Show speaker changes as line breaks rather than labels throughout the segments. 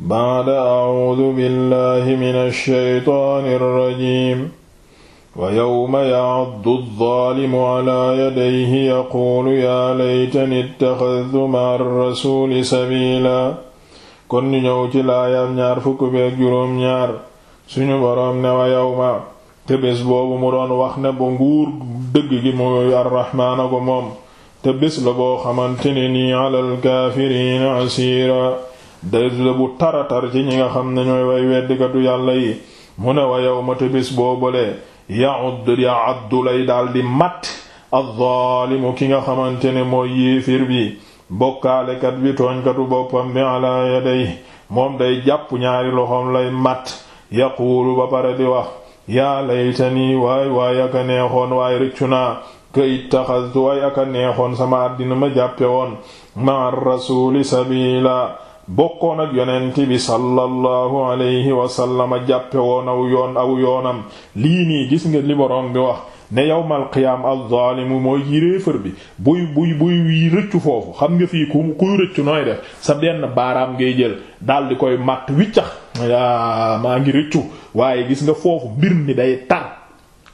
ba'da a'uudu billahi mina shaytaani rajiim wa yawma ya'addu zaalimu alaa yadayhi yaquulu yaa laytani ittaxadtu ma'a rasuuli sabiila kon ñu ñëw ci laayaam ñaar fukk beek juróom ñaar suñu boroom ne wa yawma te bés boobu mu doon wax ne ba nguur dëgg gi mooy arraxmaana ko moom te bés la boo xamante ne nii alal kaafiriina asiira daytu bu bu taratar ci ñi nga xam ne ñooy way weddikatu yàlla yi mu ne wa yow mata bés boobalee yaud yaaddu lay daal di matt addaalimu ki nga xamante ne mooy yéefir bi bokkaalekat bi tooñkatu boppam bi ala yaday moom day jàpp ñaari loxoom lay matt yaquulu ba pare di wax yaa laytani waay waay aka neexoon waay rëccu naa ka ittaxastu waay aka neexoon sama àddina ma jàppe woon ma rasuli sabila bokkoon ak yonent bi sallallahu alayhi wasallama jàppe woon aw yoon aw yoonam lii nii gis nga li boroom bi wax ne yawmal qiyaam az-zaalimu mooy
yéefar bi buy buy buy rëccu foofu xam nga fi ku kuy rëccu nooy def sa benn baaraam ngay jël daal di koy matt wiccax maa ngi rëccu waaye gis nga foofu mbir mi day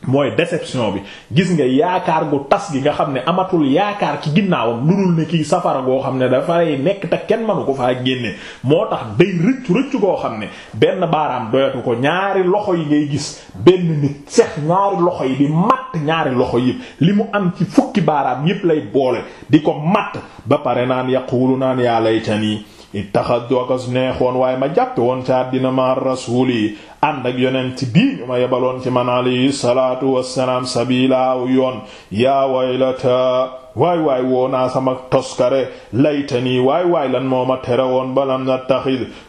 mooy déception bi gis nga yaakaar gu tas gi nga xam ne amatul yaakaar ci ginnaawam lu dul ne kii safara goo xam ne dafay nekk te kenn mënu ko faa génne moo tax day rëccu rëccu goo xam ne benn baaraam doyatu ko ñaari loxo yi ngay gis benn nit sex ñaari loxo yi di matt ñaari loxo yëpp li mu am ci fukki baaraam yëpp lay boole di ko matt ba pare naan yaqulu naan yaa laytani ittaxadtu akas neexoon waaye ma jàppe woon ca àddina ma rasuul yi ànd ak yonent bii ñu ma yebaloon ci man alayhi salaatu wassalaam sabiilaaw yoon yaa waylata waay waay woo naa sama toskare laytanii waay waay lan moo ma tere woon ba lam na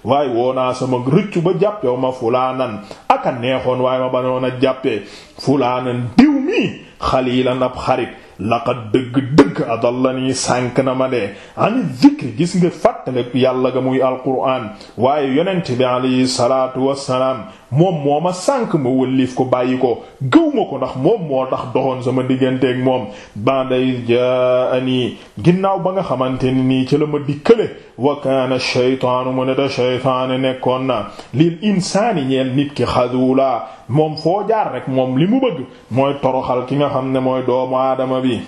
waay woo naa sama rëccu ba jàppew ma fulaanan aka neexoon waaye ma banoon a jàppe fulaanan diw mi xaliilan ab xarit laqad dëgg-dëgg adallanii sànk na ma dee ani zikri gis nga fàttale yàlla ga muy alquraan waaye yonent bi alayhi salaatu wa wassalaam moom moo ma sànk ma wëlliif ko bàyyi ko gëw ma ko ndax moom moo tax doxoon sama digganteeg moom ba banday jaani ginnaaw ba nga xamante ni nii ci la ma dikkale wa kaana shaytaanu mu ne te shaytaane nekkoon na lil insaani ñeel nit ki xadula moom foo jaar rek moom li mu bëgg mooy toroxal ki nga xam ne mooy doomu aadama bi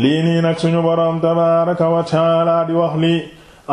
lii nii nag suñu boroom tabaaraka wa taala di wax lii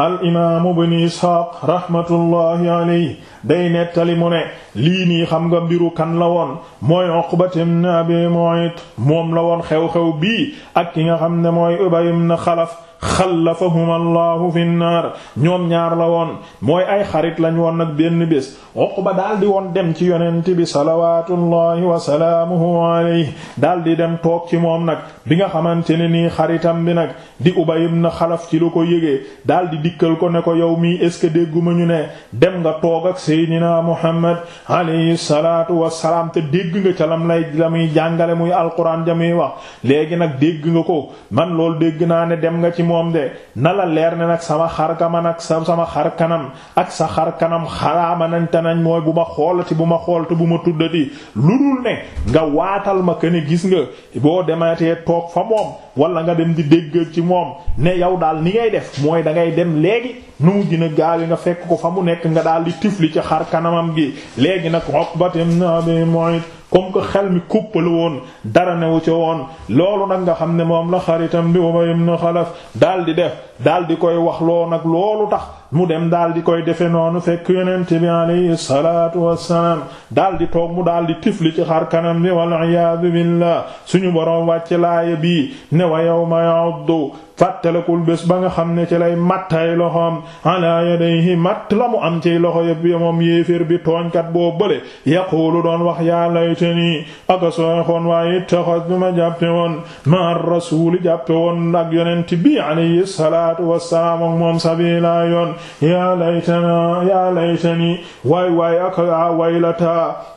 al imaamu ibn Isxaaq raxmatullahi alayhi day nettali mu ne lii nii xam nga mbiru kan la woon mooy Uqbat ibn Abi Mu'ayt moom la woon xew-xew bii ak ki nga xam ne mooy Ubay na Xalaf xalafahum allahu fi naar ñoom ñaar la woon mooy ay xarit lañu woon nag benn bés Uqba daal woon dem ci yonent bi salawatullahi wa salaamuhu alayhi daal di dem toog ci moom nag bi nga xamante ne nii xaritam bi nag di Ubay ibn Xalaf ci lu ko yëgee daal di dikkal ko ne ko yow mii est dégguma ñu ne dem nga toog ak seydinaa muhammad alayhi salaatu wassalaam te dégg nga ca lam lay la muy jàngale muy alquran ja muy wax léegi nag dégg nga ko man loolu dégg naa ne dem nga ci moom de na la leer ne nag sama xar kama nag sa sama xar kanam ak sa xar kanam xaraama nañ te nañ mooy bu ma xoolati bu ma xool xoolati bu ma tuddati lu dul ne nga waatal ma këne gis nga boo dematee toog fa moom wala nga dem di dégg ci moom ne yow daal ni ngay def mooy da ngay dem léegi nu mu gën a gaawi nga fekk ko fa mu nekk nga daal di tifli ci xar kanamam gi léegi nag Uqbat ibn Abi Mu'ayt comme que xel mi kuppalu woon dara newu ci woon loolu nag nga xam ne moom la xaritam bi Ubay ibn Xalaf daal di def daal di koy wax loo nag loolu tax mu dem daal di koy defe noonu fekk yonent bi alayhi salaatu wassalaam daal di toog mu daal di tifli ci xar kanam bi wal iyaadu billah suñu boroom wàcc laaya bii ne wa yawma ya'uddu fàttalekul bés ba nga xam ne ci lay mattay loxoom ala yadayhi matt la mu am ciy loxo yëpp moom yéeféer bi tooñkat boo bële yaquulu doon wax yaa laytani aka sooxoon waaye ittaxadtu ma jàppe woon ma rasuuli jàppe woon ak yonent bi alayhi salaatu wassalaam ak moom sabiila yoon yaa laytana yaa laytani waay waay aka a waylata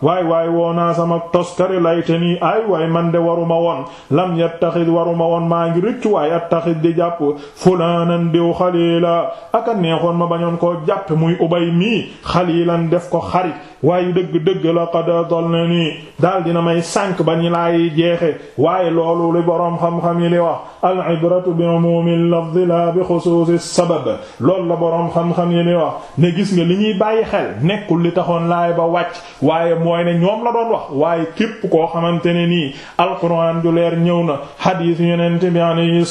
waay waay woonaa sama toskari laytani ay waay man de waruma woon lam yattaxid waruma woon maa ngi waay attaxid di jàpp fulaanan diw xaliila ak a neexoon ma bañoon koo jàpp muy ubay mii xaliilan def ko xarit waaye dëgg-dëgg la na adallani daal dina may sànq ba ñu laay jeexe waaye loolu li boroom xam-xam yi li wax al ibratu bi umumil lafzi la bi xusuusi sabab loolu la boroom xam-xam yi li wax ne gis nga li ñuy bàyyi xel nekkul li taxoon laay ba wàcc waaye mooy ne ñoom la doon wax waaye képp koo xamante ne nii alquran du leer ñëw na hadith yonent bi alayhi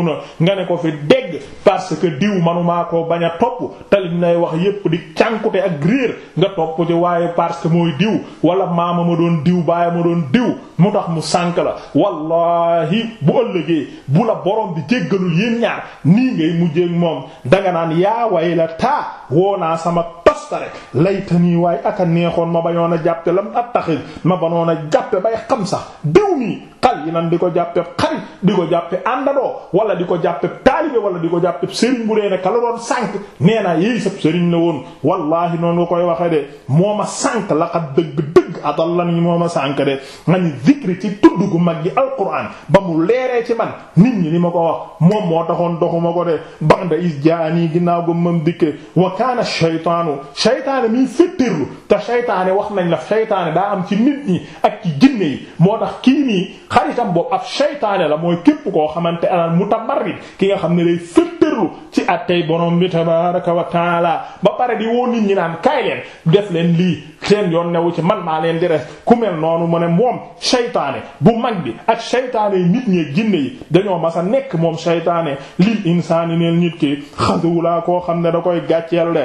ñëw na nga ne ko fi dégg parce que diw manumaa koo bañ a topp talim lay wax yépp di cànkute ak réer nga topp ci waaye parce que mooy diw wala maama ma doon diw baay ma doon diw mu tax mu sànk la wallahi bu ëllëgee bu la borom bi jéggalul yéen ñaar nii ngay mujjee moom danga naan yaa way la taa woo sama fasta rek laytanii waaye aka neexoon ma bañoon a jàppe lam attaxid ma banoon a jàppe bay xam sax déw nii yi nan di ko jàppe xarit di ko jàppe àndadoo wala di ko jàppe taalibe wala di ko jàppe sëriñ bu dee ne kala doon sànq nee naa yéy sab sëriñ la woon wallahi noonu nga koy waxe de moo ma la laqad dëgg-dëgg adallani moo ma sànq de man zikri ci tudd gu mag gi alquran ba mu leeree ci man nit ñi li ma ko wax moom moo taxoon doxuma ko de banda is jaanii seytaane miy féttirlu te seytaane wax nañ la seytaane daa am ci nit ñi ak ci jinne yi moo tax kii nii xaritam boobu ab seytaane la mooy képp koo xamante alal mutamarrid ki nga xam ne day féttirlu ci attey borom bi tabaraka wa taala ba pare di woo nit ñi naan kaay leen def leen lii seen yoon newu ci man maa leen di res noonu mu ne moom seytaane bu mag bi ak seytaane yi nit ñi jinne yi dañoo masa nekk moom seytaane lil insaani neel nit ki koo xam ne da koy gàcceel de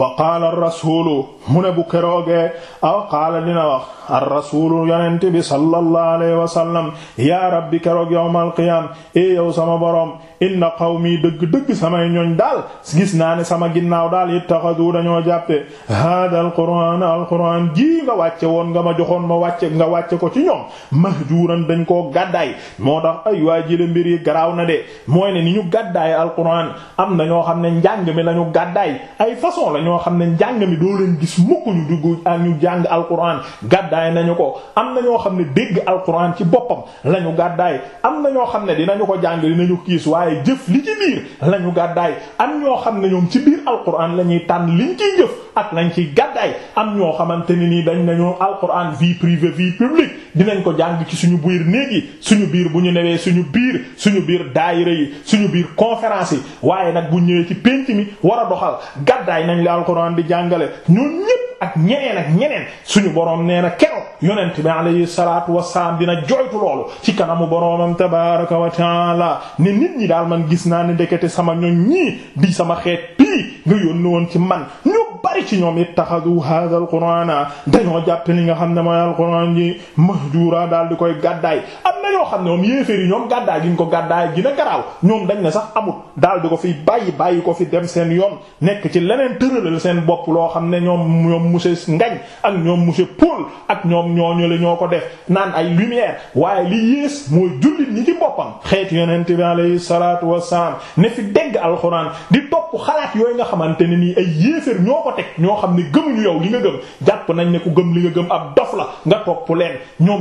wa qaala rasulu mu ne bu keroogee aw qaala dina wax ar rasulu yonente bi sallallahu alayhi wa sallam yaa rabbi keroog yawmal qiyaam e yow sama boroom inna qawmi dëgg-dëgg samay ñooñ daal gis naa ne sama ginnaaw daal ittaxadu dañoo jàppe hada al qur'aan al qur'aan jii nga wàcce woon nga ma joxoon ma wàcce nga wàcce ko ci ñoom mahjuuran dañ koo gàddaay moo tax ay waa jële mbir yi garaaw na de mooy ne ni ñu gàddaay al qur'aan am na ñoo xam ne njàng mi lañu gàddaay ay façon la ñoo xam ne njàng mi doo leen gis ñu jàng al qur'aan gàddaay nañu ko am na ñoo xam ne dégg alquran ci boppam lañu gàddaay am na ñoo xam ne dinañu ko jàng dinañu kiis waaye jëf li ci biir lañu gàddaay am ñoo xam ne ñoom ci biir alquran la ñuy tànn liñ ciy jëf ak lañ ciy gàddaay am ñoo xamante ni nii dañ nañu alquran vie privée vie publique dinañ ko jàng ci suñu biir néeg yi suñu biir bu ñu newee suñu biir suñu biir daayira yi suñu biir conférence yi waaye nag bu ñëwee ci pénc mi war a doxal gàddaay nañ la alquran di jàngale ak ñeneen ak ñeneen suñu boroom nee na keroog yonent bi alayhi salaatu wassalaam dina joytu loolu ci kanamu boroomam tabaaraka wa taala nit ñi daal man gis naa ne ndekete sama ñoñ ñii di sama xeet pii nga yónni woon ci man ñu bari ci ñoom ittaxadu hadha al qur'ana dañoo jàpp li nga xam ne mooy al qur'an ji mahjura daal di koy gàddaay yoo xam ne moom yéeféer yi ñoom gàddaay gi ñu ko gàddaay gina garaaw ñoom dañ ne sax amut daal di ko fiy bàyyi bàyyi ko fi dem seen yoon nekk ci leneen tëralal seen bopp loo xam ne ñoom ñoom monsieur Ngañ ak ñoom monsieur Paul ak ñoom ñooñu la ñoo ko def naan ay lumière waaye li yées mooy jullit ñi ci boppam xeetu yonent bi alayhi salaatu wassalaam ne fi dégg alxuraan di topp xalaat yooyu nga xamante ne nii ay yéeféer ñoo ko teg ñoo xam ne gëmuñu yow li nga gëm jàpp nañ ne ku gëm li gëm ab dof la nga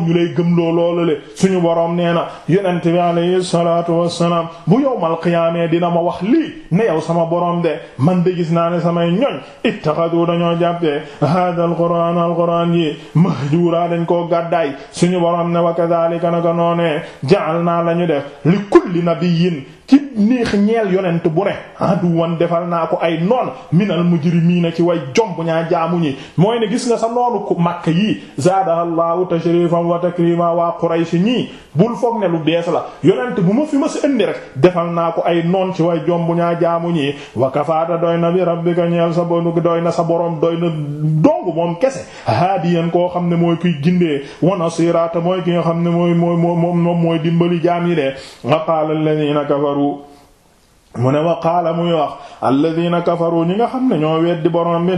ñu lay gëm loo loolu le suñu borom boroom nee na yonent bi alayhi salaatu wassalaam bu yowmal qiyaamee dina ma wax lii ne yow sama boroom de man de gis naa ne samay ñoñ ittaxadu dañoo jàppee hada alquraan alquraan yi mahjuura dañ koo gàddaay suñu boroom ne wa kadhalika naka noonee ja'alnaa lañu def li kulli nabiyyin ci neex ñeel yonent bu ne aduwan defal naa ko ay noon minal na ci way jomb ñaa jaamu ñi mooy ne gis nga sa noonu ku makk yi zaadahallahu tashrifan wa takrima waa quraysh ñii bul foog ne lu bees la yonent bu ma fi ma si indi rek defal naa ko ay noon ci way jomb ñaa jaamu ñi wa doy na bi rabbika ñeel sa bonu doy na sa borom doy na dong moom kese haadiyan koo xam ne mooy kuy gindee wa nasirata mooy ki nga xam ne mooy mooy kafaru mu ne wa qaala muy wax alladina kafaru ñi nga xam ne ñoo weddi borom bi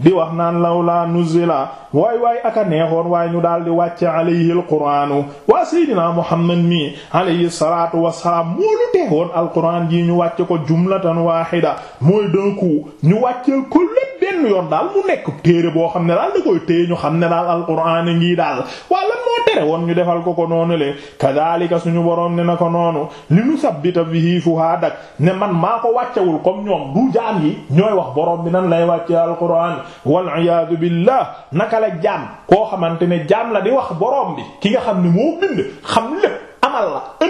di wax naan lawla nuzila waay waay aka neexoon waaye ñu daal di wàcce alayhi alquranu waa seydina muhammad mi alayhi salatu wasalaam moo lu teewoon alquran ji ñu wàcce ko jumlatan waahida mooy d'un coup ñu wàcceel ko lépp benn yoon daal mu nekk téere boo xam ne daal da koy téye xam ne daal alquran ngi daal wala tere woon ñu defal ko ko noonu le kadhalika suñu boroom ne na ko noonu li nu sabbita bihi fuhaadak ne man maa ko wàccewul comme ñoom du jaam yi ñooy wax boroom bi nan lay wàcce alquran wal iyaadu billah naka la jaam koo xamante ne jaam la di wax boroom bi ki nga xam ne moo bind xam lépp amal la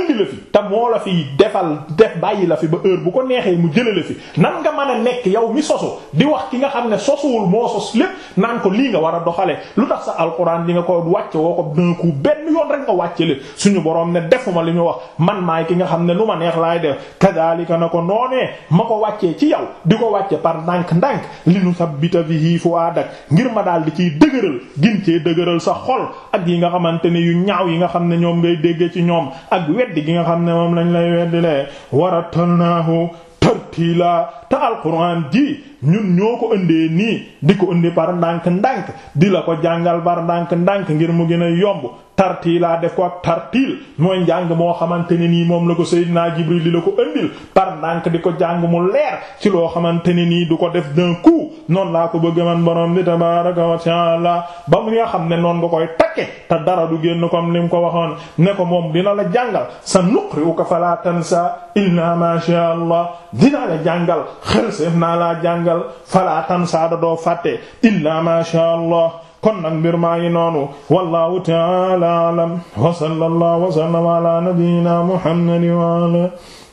te moo la fi defal def bàyyi la fi ba heure bu ko neexee mu jëlee fi nan nga mën nekk yow mi sosu di wax ki nga xam ne sosuwul moo sos lépp nan ko lii nga war a doxalee lu tax sa alxuraan di nga ko wàcce woo ko d'un coup benn yoon rek nga wàcce lépp suñu boroom ne defuma li ñu wax man maay ki nga xam ne lu ma neex laay def kadaalika na ko noonee ma ko wàccee ci yow di ko wàcce par ndànk-ndànk li nu sabbita bihi fuadak ngir ma daal di ciy dëgëral gin cee dëgëral sa xol ak yi nga xamante ne yu ñaaw xam ne ñoom ngay ci ñoom ak weddi gi nga xam ne moom lañ lay weddilee warattalnaahu tartiila te alquran ji ñun ñoo ko indee nii di ko indi par ndànk-ndànk di la ko jàngal par ndànk-ndànk ngir mu gën a yomb tartiilaa def ko ak tartiil mooy njàng moo xamante ne nii moom la ko Seydina Jibril di la ko indil par ndànk di ko jàng mu leer ci loo xamante ne nii du ko def d'un coup noonu laa ko bëgg man borom bi wa ta'ala ba mu nga xam ne noonu nga koy takke te dara du génn comme ni ko waxoon ne ko moom dina la jàngal sa nuqri'uka fala tansa illa ma sha Allah dina la jàngal xel seef naa laa jàngal fala tansa da doo fàtte illa ma sha Allah kon nag mbir maa ngi noonu wallahu ta'ala alam wa sallallahu wa sallama ala nabiyyina muhammadin wa ala